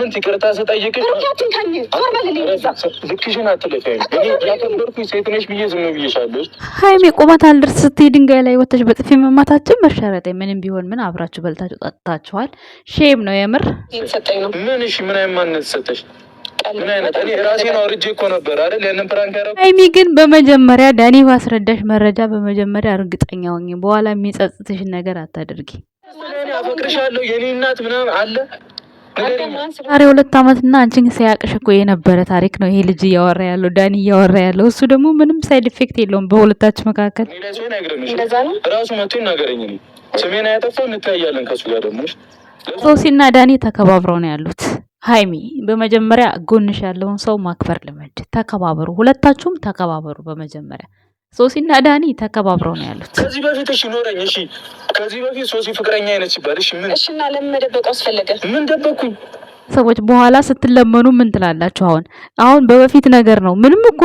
ምንት ይቅርታ ታኝ ስጠይቅሽ ልክሽን አትለፊ። ያከበርኩኝ ሴት ነሽ ብዬ ዝም ብዬሻለሽ። ሀይሚ ቆማት አልደርስ ስትይ ድንጋይ ላይ ወተሽ በጥፊ መማታችን መሸረጤ ምንም ቢሆን ምን አብራችሁ በልታችሁ ጠጥታችኋል። ሼም ነው የምር ምን? እሺ ምን አይነት ማንነት ሰጠሽ? ሀይሚ ግን በመጀመሪያ ዳኒ ባስረዳሽ መረጃ በመጀመሪያ እርግጠኛ ሆኝ፣ በኋላ የሚጸጽትሽን ነገር አታደርጊ። አፈቅርሻለሁ የኔ እናት ምናምን አለ ዛሬ ሁለት እና አንቺን ሳያቅሽ እኮ የነበረ ታሪክ ነው ይሄ ልጅ እያወራ ያለው ዳኒ እያወራ ያለው። እሱ ደግሞ ምንም ሳይድ ኢፌክት የለውም በሁለታችሁ መካከል። ራሱ መቶ ይናገረኝ ስሜን አያጠፋው እንታያለን። ከሱ ጋር ደግሞ ሶሲና ዳኒ ተከባብረው ነው ያሉት። ሀይሚ በመጀመሪያ ጎንሽ ያለውን ሰው ማክበር ልመድ። ተከባበሩ፣ ሁለታችሁም ተከባበሩ በመጀመሪያ ሶሲና ዳኒ ተከባብረው ነው ያሉት። ከዚህ በፊት እሺ ኖረኝ፣ እሺ ከዚህ በፊት ሶሲ ፍቅረኛ አይነት ሲባል እሺ ምን እሺና እና ለምን መደበቁ አስፈለገ? ምን ደበኩኝ? ሰዎች በኋላ ስትለመኑ ምን ትላላችሁ? አሁን አሁን በበፊት ነገር ነው። ምንም እኮ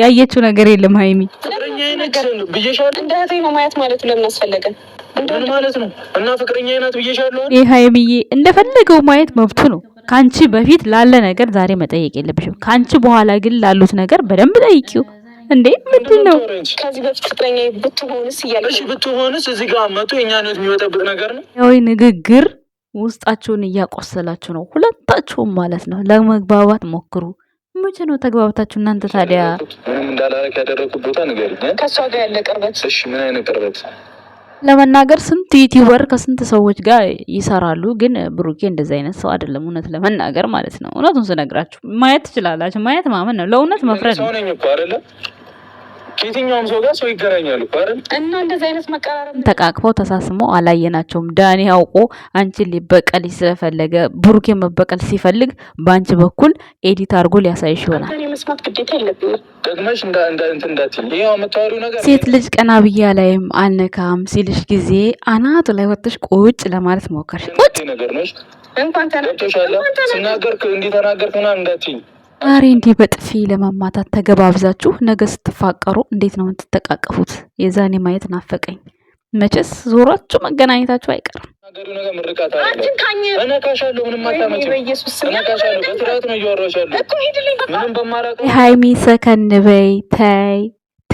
ያየችው ነገር የለም። ሀይሚ ፍቅረኛ አይነት ብዬሻለሁ። እንደ እህቴ ነው ማየት ማለቱ ለምን አስፈለገ? ምን ማለት ነው? እና ፍቅረኛ አይነት ብዬሻለሁ። ይህ ሀይሚዬ እንደፈለገው ማየት መብቱ ነው። ከአንቺ በፊት ላለ ነገር ዛሬ መጠየቅ የለብሽም። ከአንቺ በኋላ ግን ላሉት ነገር በደንብ ጠይቂው። እንዴ ምንድን ነው? ከዚህ በፊት ፍቅረኛ ብትሆንስ እያለ ብትሆንስ እዚህ ጋር መጡ የኛ ነት የሚወጣበት ነገር ነው። ያዊ ንግግር ውስጣችሁን እያቆሰላችሁ ነው፣ ሁለታችሁም ማለት ነው። ለመግባባት ሞክሩ። መቼ ነው ተግባባታችሁ እናንተ ታዲያ? ምንም እንዳላረክ ያደረኩት ቦታ ነገር ከእሷ ጋር ያለ ቅርበት። እሺ ምን አይነት ቅርበት ለመናገር ስንት ዩቲዩበር ከስንት ሰዎች ጋር ይሰራሉ፣ ግን ብሩኬ እንደዚ አይነት ሰው አይደለም። እውነት ለመናገር ማለት ነው። እውነቱን ስነግራችሁ ማየት ትችላላችሁ። ማየት ማመን ነው። ለእውነት መፍረድ ነው። ከየትኛውም ሰው ጋር ሰው ይገናኛሉ እና እንደዚህ አይነት መቀራረብ ተቃቅፈው ተሳስሞ አላየናቸውም። ዳኒ አውቆ አንቺን ሊበቀል ስለፈለገ ብሩኬ መበቀል ሲፈልግ በአንቺ በኩል ኤዲት አድርጎ ሊያሳይሽ ይሆናል። መስማት ግዴታ የለብኝም። ሴት ልጅ ቀና ብያ ላይም አልነካም ሲልሽ ጊዜ አናቱ ላይ ወጥሽ ቁጭ ለማለት ሞከርሽ። ቁጭ ነገር ነሽ እንኳን ተናገርክ እንዲህ ተናገርክ ምናምን እንዳትይኝ ዛሬ እንዲህ በጥፊ ለመማታት ተገባብዛችሁ ነገ ስትፋቀሩ እንዴት ነው የምትጠቃቀፉት? የዛኔ ማየት ናፈቀኝ። መቼስ ዞሯችሁ መገናኘታችሁ አይቀርም። ሀይሚ ሰከን በይ ተይ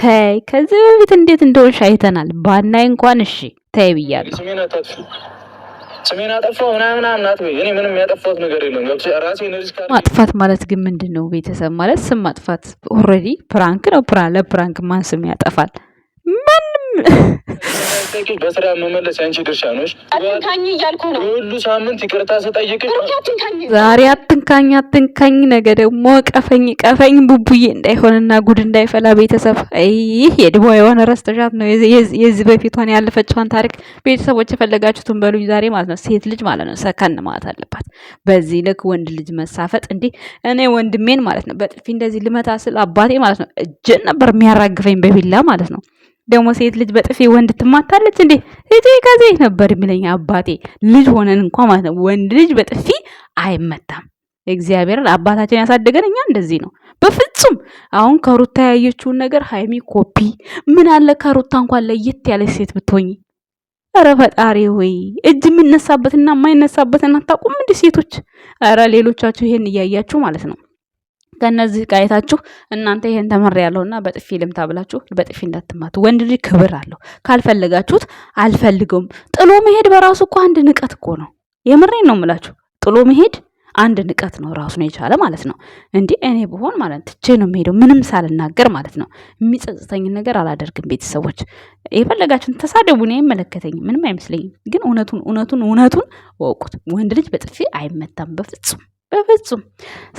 ተይ። ከዚህ በፊት እንዴት እንደሆንሽ አይተናል። ባናይ እንኳን እሺ ተይ ብያለሁ። ስሜን አጠፋው ምናምን ናት። እኔ ምንም ያጠፋት ነገር የለም። ማጥፋት ማለት ግን ምንድን ነው? ቤተሰብ ማለት ስም ማጥፋት ኦልሬዲ ፕራንክ ነው። ለፕራንክ ማን ስም ያጠፋል? ማን በስራ መመለስ ያንቺ ድርሻ ነሽ። አትንካኝ እያልኩ ነው ሁሉ ሳምንት ይቅርታ ስጠይቅሽ ዛሬ አትንካኝ አትንካኝ፣ ነገ ደግሞ ቀፈኝ ቀፈኝ ቡቡዬ እንዳይሆንና ጉድ እንዳይፈላ ቤተሰብ። ይህ የድቦ የሆነ ረስተሻት ነው የዚህ በፊቷን ያለፈችዋን ታሪክ ቤተሰቦች የፈለጋችሁትን በሉኝ ዛሬ ማለት ነው። ሴት ልጅ ማለት ነው ሰከን ማለት አለባት። በዚህ ልክ ወንድ ልጅ መሳፈጥ እንዲህ እኔ ወንድሜን ማለት ነው በጥፊ እንደዚህ ልመታ ስል አባቴ ማለት ነው እጅን ነበር የሚያራግፈኝ በቢላ ማለት ነው። ደግሞ ሴት ልጅ በጥፊ ወንድ ትማታለች እንዴ? እጂ ከዚህ ነበር የሚለኝ አባቴ። ልጅ ሆነን እንኳ ማለት ነው ወንድ ልጅ በጥፊ አይመታም። እግዚአብሔርን አባታችን ያሳደገን እኛ እንደዚህ ነው። በፍጹም አሁን ከሩታ ያየችውን ነገር ሀይሚ ኮፒ ምን አለ ከሩታ እንኳን ለየት ያለች ሴት ብትሆኝ። ኧረ ፈጣሪ ወይ እጅ የምነሳበትና የማይነሳበትን አታውቁም እንዲህ ሴቶች። ኧረ ሌሎቻችሁ ይሄን እያያችሁ ማለት ነው ከእነዚህ ዕቃ አይታችሁ እናንተ ይሄን ተመር ያለውና በጥፊ ልምታ ብላችሁ በጥፊ እንዳትማቱ። ወንድ ልጅ ክብር አለው። ካልፈለጋችሁት አልፈልገውም ጥሎ መሄድ በራሱ እኮ አንድ ንቀት እኮ ነው። የምሬን ነው ምላችሁ። ጥሎ መሄድ አንድ ንቀት ነው ራሱን የቻለ ማለት ነው። እንዲህ እኔ ብሆን ማለት ትቼ ነው የምሄደው ምንም ሳልናገር ማለት ነው። የሚጸጽተኝን ነገር አላደርግም። ቤተሰቦች የፈለጋችሁን ተሳደቡ፣ እኔ አይመለከተኝም፣ ምንም አይመስለኝም። ግን እውነቱን እውነቱን እውነቱን ወቁት። ወንድ ልጅ በጥፊ አይመታም በፍጹም። በፍጹም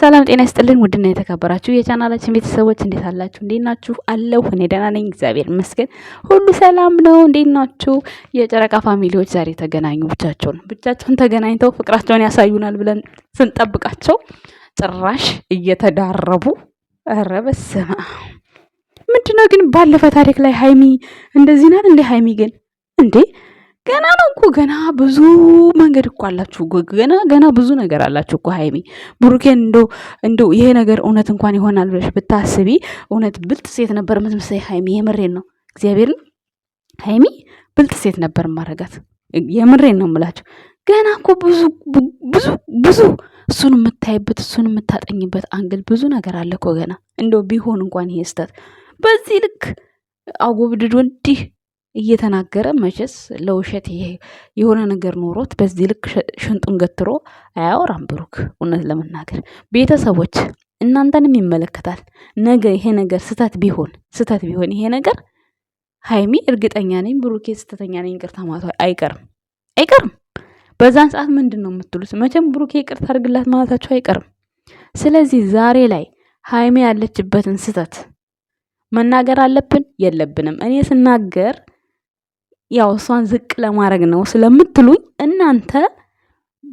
ሰላም ጤና ይስጥልን። ውድና የተከበራችሁ የቻናላችን ቤተሰቦች እንዴት አላችሁ? እንዴት ናችሁ? አለሁ እኔ ደህና ነኝ፣ እግዚአብሔር ይመስገን፣ ሁሉ ሰላም ነው። እንዴት ናችሁ የጨረቃ ፋሚሊዎች? ዛሬ ተገናኙ፣ ብቻቸውን ብቻቸውን ተገናኝተው ፍቅራቸውን ያሳዩናል ብለን ስንጠብቃቸው ጭራሽ እየተዳረቡ ኧረ በስመ አብ! ምንድነው ግን ባለፈ ታሪክ ላይ ሀይሚ እንደዚህ ናት እንዴ? ሀይሚ ግን እንዴ ገና ነው እኮ ገና ብዙ መንገድ እኮ አላችሁ ገና ገና ብዙ ነገር አላችሁ እኮ ሀይሚ ብሩኬን እንዶ እንዶ ይሄ ነገር እውነት እንኳን ይሆናል ብለሽ ብታስቢ እውነት ብልጥ ሴት ነበር የምትመስለኝ ሀይሚ የምሬን ነው እግዚአብሔርን ሀይሚ ብልጥ ሴት ነበር ማረጋት የምሬን ነው ምላችሁ። ገና እኮ ብዙ ብዙ ብዙ እሱን የምታይበት እሱን የምታጠኝበት አንግል ብዙ ነገር አለ እኮ ገና እንደው ቢሆን እንኳን ይሄ ስህተት በዚህ ልክ አጎብድድ ወንዲህ እየተናገረ መቼስ ለውሸት ይሄ የሆነ ነገር ኖሮት በዚህ ልክ ሽንጡን ገትሮ አያወራም ብሩክ። እውነት ለመናገር ቤተሰቦች እናንተንም ይመለከታል። ነገ ይሄ ነገር ስተት ቢሆን ስተት ቢሆን ይሄ ነገር ሀይሚ እርግጠኛ ነኝ ብሩኬ ስተተኛ ነኝ ይቅርታ ማለቷ አይቀርም አይቀርም። በዛን ሰዓት ምንድን ነው የምትሉት? መቼም ብሩኬ ይቅርታ አድርግላት ማለታቸው አይቀርም። ስለዚህ ዛሬ ላይ ሀይሚ ያለችበትን ስተት መናገር አለብን የለብንም? እኔ ስናገር ያው እሷን ዝቅ ለማድረግ ነው ስለምትሉኝ እናንተ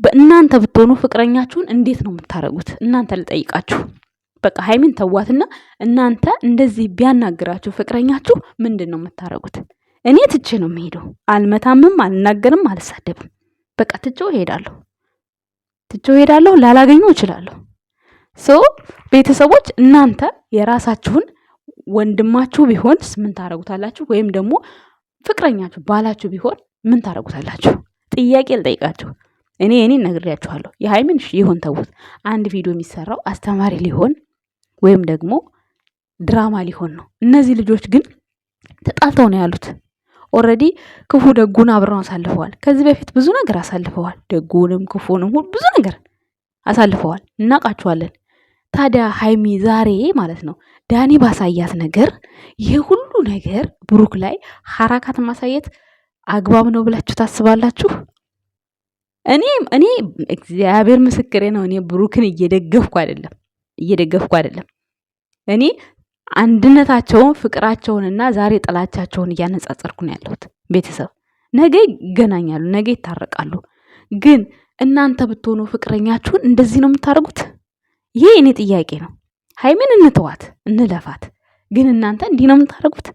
በእናንተ ብትሆኑ ፍቅረኛችሁን እንዴት ነው የምታደርጉት? እናንተ ልጠይቃችሁ። በቃ ሀይሚን ተዋትና እናንተ እንደዚህ ቢያናግራችሁ ፍቅረኛችሁ ምንድን ነው የምታደርጉት? እኔ ትቼ ነው የምሄደው። አልመታምም፣ አልናገርም፣ አልሳደብም። በቃ ትቼው እሄዳለሁ። ትቼው እሄዳለሁ። ላላገኘው እችላለሁ። ሶ ቤተሰቦች እናንተ የራሳችሁን ወንድማችሁ ቢሆንስ ምን ታደርጉታላችሁ? ወይም ደግሞ ፍቅረኛችሁ ባላችሁ ቢሆን ምን ታደርጉታላችሁ? ጥያቄ ልጠይቃችሁ። እኔ እኔ ነግሬያችኋለሁ። የሃይምን ይሁን ተዉት። አንድ ቪዲዮ የሚሰራው አስተማሪ ሊሆን ወይም ደግሞ ድራማ ሊሆን ነው። እነዚህ ልጆች ግን ተጣልተው ነው ያሉት። ኦረዲ ክፉ ደጉን አብረው አሳልፈዋል። ከዚህ በፊት ብዙ ነገር አሳልፈዋል። ደጉንም ክፉንም ብዙ ነገር አሳልፈዋል። እናውቃችኋለን። ታዲያ ሀይሚ ዛሬ ማለት ነው ዳኒ ባሳያት ነገር ይሄ ሁሉ ነገር ብሩክ ላይ ሀራካት ማሳየት አግባብ ነው ብላችሁ ታስባላችሁ? እኔ እኔ እግዚአብሔር ምስክሬ ነው። እኔ ብሩክን እየደገፍኩ አይደለም እየደገፍኩ አይደለም። እኔ አንድነታቸውን ፍቅራቸውንና ዛሬ ጥላቻቸውን እያነጻጸርኩ ነው ያለሁት። ቤተሰብ ነገ ይገናኛሉ፣ ነገ ይታረቃሉ። ግን እናንተ ብትሆኑ ፍቅረኛችሁን እንደዚህ ነው የምታደርጉት? ይሄ እኔ ጥያቄ ነው። ሀይሚን እንተዋት እንለፋት። ግን እናንተ እንዲህ ነው የምታደርጉት።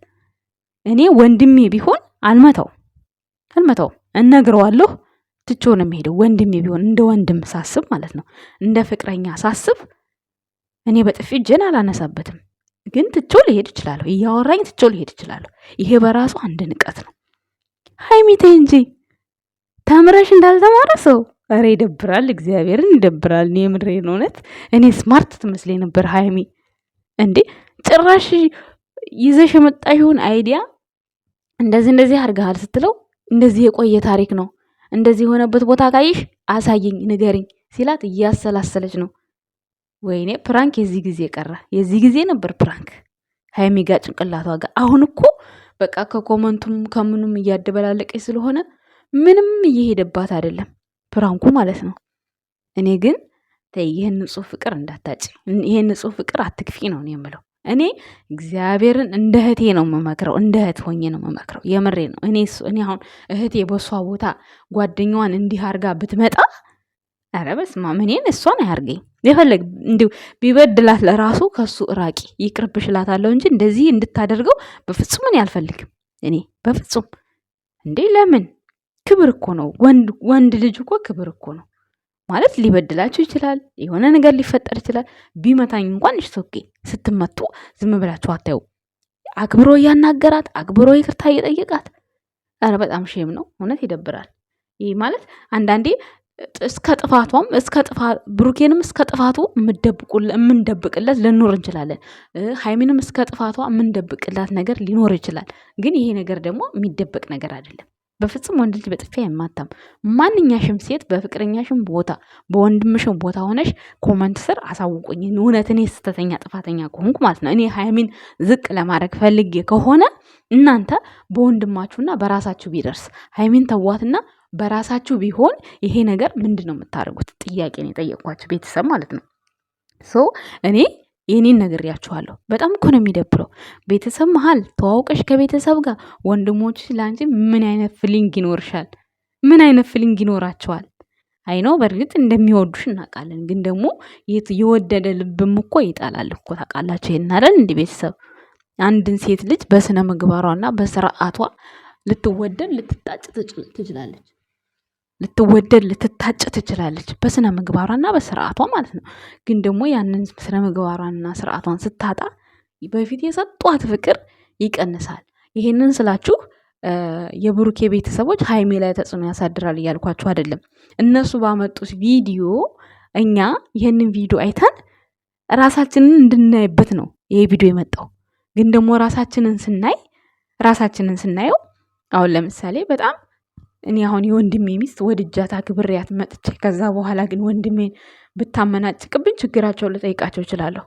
እኔ ወንድሜ ቢሆን አልመተው አልመተው እነግረዋለሁ። ትቼው ነው የሚሄደው። ወንድሜ ቢሆን እንደ ወንድም ሳስብ ማለት ነው፣ እንደ ፍቅረኛ ሳስብ እኔ በጥፊ እጄን አላነሳበትም። ግን ትቾ ሊሄድ እችላለሁ። እያወራኝ ትቾ ሊሄድ እችላለሁ። ይሄ በራሱ አንድ ንቀት ነው። ሀይሚቴ እንጂ ተምረሽ እንዳልተማረ ሰው ኧረ ይደብራል፣ እግዚአብሔርን ይደብራል። እኔ የምሬን እውነት እኔ ስማርት ትመስለኝ ነበር ሀይሚ። እንዴ ጭራሽ ይዘሽ የመጣሽውን አይዲያ እንደዚህ እንደዚህ አድርገሃል ስትለው እንደዚህ የቆየ ታሪክ ነው እንደዚህ የሆነበት ቦታ ካይሽ አሳየኝ፣ ንገርኝ ሲላት እያሰላሰለች ነው። ወይኔ ፕራንክ የዚህ ጊዜ ቀረ። የዚህ ጊዜ ነበር ፕራንክ ሀይሚ ጋ ጭንቅላቷ ጋር። አሁን እኮ በቃ ከኮመንቱም ከምኑም እያደበላለቀች ስለሆነ ምንም እየሄደባት አይደለም። ፕራንኩ ማለት ነው። እኔ ግን ይህን ንጹህ ፍቅር እንዳታጭ፣ ይህን ንጹህ ፍቅር አትክፊ ነው የምለው። እኔ እግዚአብሔርን እንደ እህቴ ነው የምመክረው፣ እንደ እህት ሆኜ ነው የምመክረው። የምሬ ነው። እኔ እኔ አሁን እህቴ በእሷ ቦታ ጓደኛዋን እንዲህ አርጋ ብትመጣ ኧረ በስመ አብ እኔን እሷን አያርገኝ። የፈለግ እንዲሁ ቢበድላት ለራሱ ከሱ እራቂ ይቅርብሽ እላታለሁ እንጂ እንደዚህ እንድታደርገው በፍጹም እኔ አልፈልግም። እኔ በፍጹም እንዴ ለምን ክብር እኮ ነው። ወንድ ልጅ እኮ ክብር እኮ ነው ማለት ሊበድላችሁ ይችላል። የሆነ ነገር ሊፈጠር ይችላል። ቢመታኝ እንኳን እሽቶኬ ስትመቱ ዝም ብላችሁ አታዩ። አክብሮ እያናገራት አክብሮ ይቅርታ እየጠየቃት፣ ኧረ በጣም ሼም ነው። እውነት ይደብራል። ይህ ማለት አንዳንዴ እስከ ጥፋቷም እስከ ጥፋት ብሩኬንም እስከ ጥፋቱ የምንደብቅለት ልኖር እንችላለን። ሀይሚንም እስከ ጥፋቷ የምንደብቅላት ነገር ሊኖር ይችላል። ግን ይሄ ነገር ደግሞ የሚደበቅ ነገር አይደለም። በፍጹም ወንድ ልጅ በጥፊ አይማታም። ማንኛሽም ሴት በፍቅረኛሽም ቦታ በወንድምሽም ቦታ ሆነሽ ኮመንት ስር አሳውቁኝ። እውነት እኔ ስተተኛ ጥፋተኛ ከሆንኩ ማለት ነው። እኔ ሃይሚን ዝቅ ለማድረግ ፈልጌ ከሆነ እናንተ በወንድማችሁና በራሳችሁ ቢደርስ ሀይሚን ተዋትና በራሳችሁ ቢሆን ይሄ ነገር ምንድን ነው የምታደርጉት? ጥያቄ ነው የጠየቅኳቸው ቤተሰብ ማለት ነው ሶ እኔ የኔን ነግሬያችኋለሁ። በጣም እኮ ነው የሚደብረው። ቤተሰብ መሀል ተዋውቀሽ ከቤተሰብ ጋር ወንድሞች ለአንቺ ምን አይነት ፍሊንግ ይኖርሻል? ምን አይነት ፍሊንግ ይኖራቸዋል? አይነው በእርግጥ እንደሚወዱሽ እናውቃለን። ግን ደግሞ የወደደ ልብም እኮ ይጠላል እኮ ታውቃላችሁ። ይሄን አይደል እንደ ቤተሰብ አንድን ሴት ልጅ በስነ ምግባሯና በስርዓቷ ልትወደድ ልትጣጭ ትችላለች። ልትወደድ ልትታጭ ትችላለች በስነ ምግባሯና በስርዓቷ ማለት ነው። ግን ደግሞ ያንን ስነ ምግባሯንና ስርዓቷን ስታጣ በፊት የሰጧት ፍቅር ይቀንሳል። ይሄንን ስላችሁ የብሩኬ ቤተሰቦች ሀይሜ ላይ ተጽዕኖ ያሳድራል እያልኳችሁ አይደለም። እነሱ ባመጡት ቪዲዮ እኛ ይህንን ቪዲዮ አይተን ራሳችንን እንድናይበት ነው ይሄ ቪዲዮ የመጣው። ግን ደግሞ ራሳችንን ስናይ ራሳችንን ስናየው አሁን ለምሳሌ በጣም እኔ አሁን የወንድሜ ሚስት ወድጃት ግብሬያት መጥቼ ከዛ በኋላ ግን ወንድሜን ብታመናጭቅብኝ ችግራቸውን ልጠይቃቸው እችላለሁ።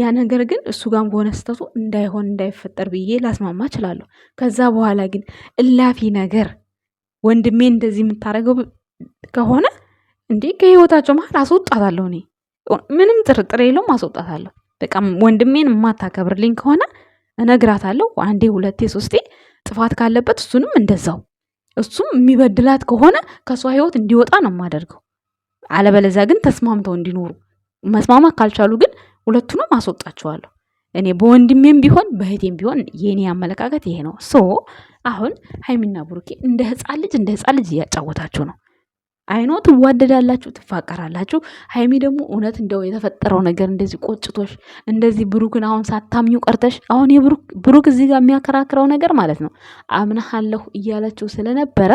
ያ ነገር ግን እሱ ጋም በሆነ ስህተቱ እንዳይሆን እንዳይፈጠር ብዬ ላስማማ እችላለሁ። ከዛ በኋላ ግን እላፊ ነገር ወንድሜ እንደዚህ የምታደርገው ከሆነ እንዴ ከህይወታቸው መሀል አስወጣታለሁ። እኔ ምንም ጥርጥር የለውም አስወጣታለሁ። በቃ ወንድሜን የማታከብርልኝ ከሆነ እነግራታለሁ። አንዴ ሁለቴ ሶስቴ ጥፋት ካለበት እሱንም እንደዛው እሱም የሚበድላት ከሆነ ከእሷ ህይወት እንዲወጣ ነው የማደርገው። አለበለዚያ ግን ተስማምተው እንዲኖሩ መስማማት ካልቻሉ ግን ሁለቱንም አስወጣቸዋለሁ። እኔ በወንድሜም ቢሆን በእህቴም ቢሆን የእኔ አመለካከት ይሄ ነው። ሶ አሁን ሀይሚና ብሩኬ እንደ ህፃን ልጅ እንደ ህፃን ልጅ እያጫወታችሁ ነው። አይኖ ትዋደዳላችሁ፣ ትፋቀራላችሁ። ሀይሚ ደግሞ እውነት እንደው የተፈጠረው ነገር እንደዚህ ቆጭቶሽ እንደዚህ ብሩክን አሁን ሳታምኙ ቀርተሽ አሁን ብሩክ እዚህ ጋር የሚያከራክረው ነገር ማለት ነው አምናሃለሁ እያለችው ስለነበረ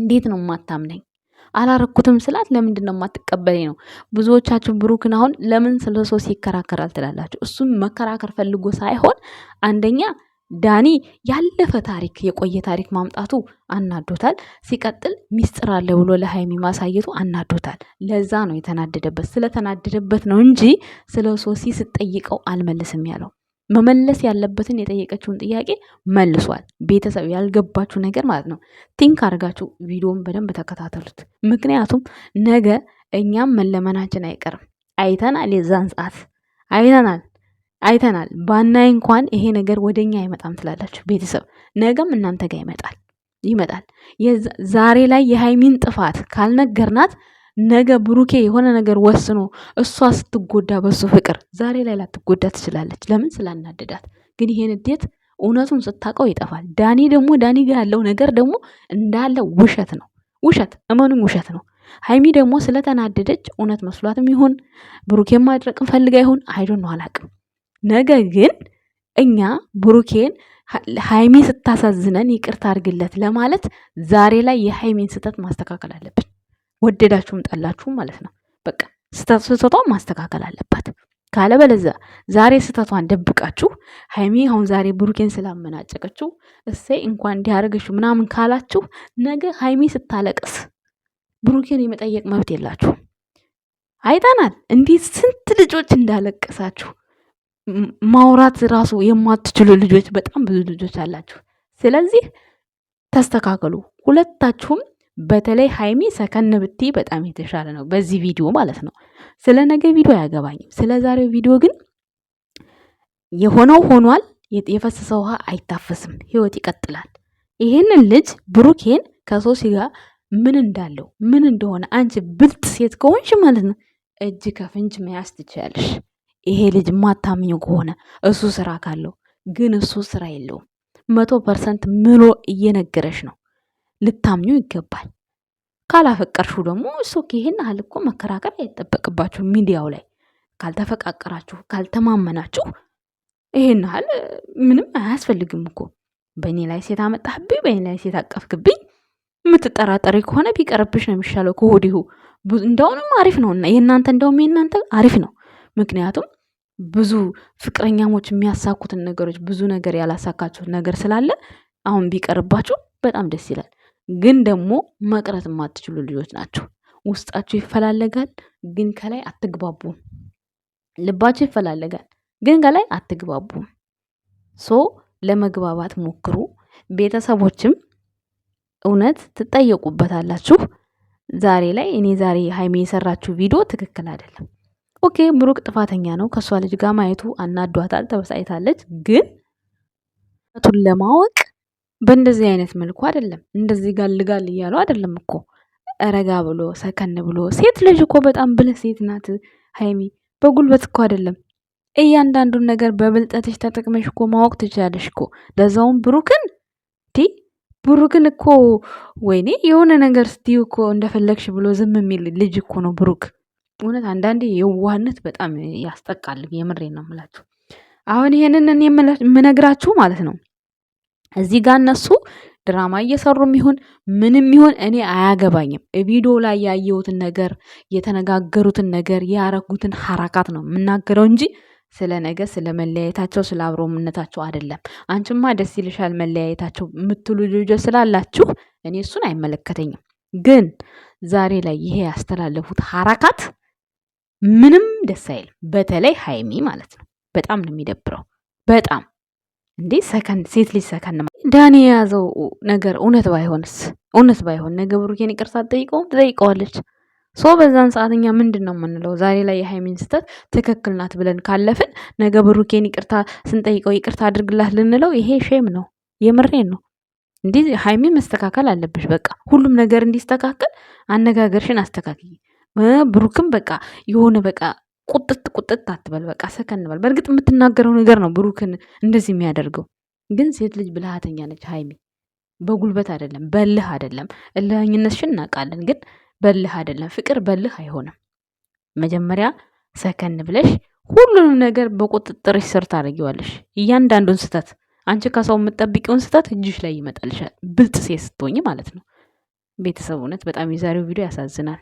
እንዴት ነው የማታምነኝ አላረኩትም ስላት ለምንድን ነው የማትቀበለኝ ነው። ብዙዎቻችሁ ብሩክን አሁን ለምን ስለ ይከራከራል ትላላችሁ። እሱም መከራከር ፈልጎ ሳይሆን አንደኛ ዳኒ ያለፈ ታሪክ የቆየ ታሪክ ማምጣቱ አናዶታል። ሲቀጥል ሚስጥር አለ ብሎ ለሀይሚ ማሳየቱ አናዶታል። ለዛ ነው የተናደደበት። ስለተናደደበት ነው እንጂ ስለ ሶሲ ስጠይቀው አልመልስም ያለው። መመለስ ያለበትን የጠየቀችውን ጥያቄ መልሷል። ቤተሰብ ያልገባችሁ ነገር ማለት ነው። ቲንክ አድርጋችሁ ቪዲዮን በደንብ ተከታተሉት። ምክንያቱም ነገ እኛም መለመናችን አይቀርም። አይተናል፣ የዛን ሰዓት አይተናል። አይተናል። ባናይ እንኳን ይሄ ነገር ወደኛ አይመጣም ትላላችሁ ቤተሰብ። ነገም እናንተ ጋር ይመጣል ይመጣል። ዛሬ ላይ የሃይሚን ጥፋት ካልነገርናት ነገ ብሩኬ የሆነ ነገር ወስኖ እሷ ስትጎዳ በሱ ፍቅር ዛሬ ላይ ላትጎዳ ትችላለች። ለምን ስላናደዳት። ግን ይሄን እንዴት እውነቱን ስታውቀው ይጠፋል። ዳኒ ደግሞ ዳኒ ጋር ያለው ነገር ደግሞ እንዳለ ውሸት ነው። ውሸት እመኑም ውሸት ነው። ሃይሚ ደግሞ ስለተናደደች እውነት መስሏትም ይሁን ብሩኬ ማድረቅ ፈልጋ ይሁን አይዶን ነው አላቅም። ነገር ግን እኛ ብሩኬን ሀይሚ ስታሳዝነን ይቅርታ አድርግለት ለማለት ዛሬ ላይ የሀይሚን ስህተት ማስተካከል አለብን። ወደዳችሁም ጠላችሁም ማለት ነው። በቃ ስህተቷን ማስተካከል አለባት። ካለበለዚያ ዛሬ ስህተቷን ደብቃችሁ ሀይሚ አሁን ዛሬ ብሩኬን ስላመናጨቀችው እሰይ እንኳን እንዲያደርገችው ምናምን ካላችሁ ነገ ሀይሚ ስታለቅስ ብሩኬን የመጠየቅ መብት የላችሁ። አይተናል እንዲህ ስንት ልጆች እንዳለቀሳችሁ ማውራት ራሱ የማትችሉ ልጆች በጣም ብዙ ልጆች አላችሁ። ስለዚህ ተስተካከሉ ሁለታችሁም። በተለይ ሀይሚ ሰከን ብቲ በጣም የተሻለ ነው፣ በዚህ ቪዲዮ ማለት ነው። ስለ ነገ ቪዲዮ አያገባኝም። ስለ ዛሬው ቪዲዮ ግን የሆነው ሆኗል። የፈሰሰ ውሃ አይታፈስም፣ ህይወት ይቀጥላል። ይህንን ልጅ ብሩኬን ከሶሲ ጋር ምን እንዳለው ምን እንደሆነ አንቺ ብልጥ ሴት ከሆንሽ ማለት ነው እጅ ከፍንጅ መያዝ ትችያለሽ። ይሄ ልጅ ማታምኙ ከሆነ እሱ ስራ ካለው ግን እሱ ስራ የለውም። መቶ ፐርሰንት ምሎ እየነገረሽ ነው። ልታምኙ ይገባል። ካላፈቀርሹ ደግሞ እሱ ይህን ያህል እኮ መከራከር አይጠበቅባችሁ። ሚዲያው ላይ ካልተፈቃቀራችሁ፣ ካልተማመናችሁ ይህን ያህል ምንም አያስፈልግም እኮ በእኔ ላይ ሴት አመጣህብኝ፣ በእኔ ላይ ሴት አቀፍክብኝ የምትጠራጠሪ ከሆነ ቢቀርብሽ ነው የሚሻለው። ከወዲሁ እንደውንም አሪፍ ነው እና የእናንተ እንደውም የእናንተ አሪፍ ነው። ምክንያቱም ብዙ ፍቅረኛሞች የሚያሳኩትን ነገሮች ብዙ ነገር ያላሳካችሁት ነገር ስላለ አሁን ቢቀርባችሁ በጣም ደስ ይላል። ግን ደግሞ መቅረት የማትችሉ ልጆች ናቸው። ውስጣችሁ ይፈላለጋል፣ ግን ከላይ አትግባቡም። ልባችሁ ይፈላለጋል፣ ግን ከላይ አትግባቡም። ሶ ለመግባባት ሞክሩ። ቤተሰቦችም እውነት ትጠየቁበታላችሁ። ዛሬ ላይ እኔ ዛሬ ሀይሜ የሰራችሁ ቪዲዮ ትክክል አይደለም። ኦኬ ብሩክ ጥፋተኛ ነው። ከእሷ ልጅ ጋር ማየቱ አናዷታል፣ ተበሳይታለች። ግን ቱን ለማወቅ በእንደዚህ አይነት መልኩ አይደለም፣ እንደዚህ ጋር ልጋል እያሉ አይደለም እኮ ረጋ ብሎ ሰከን ብሎ ሴት ልጅ እኮ በጣም ብልህ ሴት ናት ሀይሚ። በጉልበት እኮ አይደለም እያንዳንዱን ነገር በብልጠትሽ ተጠቅመሽ እኮ ማወቅ ትችላለሽ እኮ ለዛውም ብሩክን ቲ ብሩክን እኮ ወይኔ የሆነ ነገር ስትዩ እኮ እንደፈለግሽ ብሎ ዝም የሚል ልጅ እኮ ነው ብሩክ። እውነት አንዳንዴ የዋህነት በጣም ያስጠቃል የምሬ ነው የምላችሁ። አሁን ይሄንን የምነግራችሁ ማለት ነው እዚህ ጋር እነሱ ድራማ እየሰሩም ይሁን ምንም ይሁን እኔ አያገባኝም። ቪዲዮ ላይ ያየሁትን ነገር የተነጋገሩትን ነገር ያረጉትን ሀራካት ነው የምናገረው እንጂ ስለ ነገ ስለ መለያየታቸው ስለ አብሮምነታቸው አይደለም። አንቺማ ደስ ይልሻል መለያየታቸው የምትሉ ልጆች ስላላችሁ እኔ እሱን አይመለከተኝም። ግን ዛሬ ላይ ይሄ ያስተላለፉት ሀራካት ምንም ደስ አይልም። በተለይ ሀይሚ ማለት ነው። በጣም ነው የሚደብረው። በጣም እንዴ ሰከንድ ሴት ልጅ ሰከንድ ዳኒ የያዘው ነገር እውነት ባይሆንስ? እውነት ባይሆን ነገ ብሩኬን ይቅርታ ጠይቀውም ትጠይቀዋለች። ሶ በዛን ሰዓት እኛ ምንድን ነው የምንለው? ዛሬ ላይ የሀይሚን ስህተት ትክክል ናት ብለን ካለፍን ነገ ብሩኬን ይቅርታ ስንጠይቀው ይቅርታ አድርግላት ልንለው? ይሄ ሼም ነው። የምሬን ነው። እንዲህ ሀይሚ መስተካከል አለብሽ። በቃ ሁሉም ነገር እንዲስተካከል አነጋገርሽን አስተካክይ። ብሩክም በቃ የሆነ በቃ ቁጥጥ ቁጥጥ አትበል፣ በቃ ሰከን በል። በእርግጥ የምትናገረው ነገር ነው ብሩክን እንደዚህ የሚያደርገው። ግን ሴት ልጅ ብልሃተኛ ነች ሀይሚ። በጉልበት አይደለም በልህ አይደለም። እልህኝነትሽን እናውቃለን፣ ግን በልህ አይደለም። ፍቅር በልህ አይሆንም። መጀመሪያ ሰከን ብለሽ ሁሉንም ነገር በቁጥጥርሽ ስር ታደርጊዋለሽ። እያንዳንዱን ስህተት አንቺ ከሰው የምትጠብቂውን ስህተት እጅሽ ላይ ይመጣልሻል። ብልጥ ሴት ስትሆኝ ማለት ነው። ቤተሰብ እውነት በጣም የዛሬው ቪዲዮ ያሳዝናል።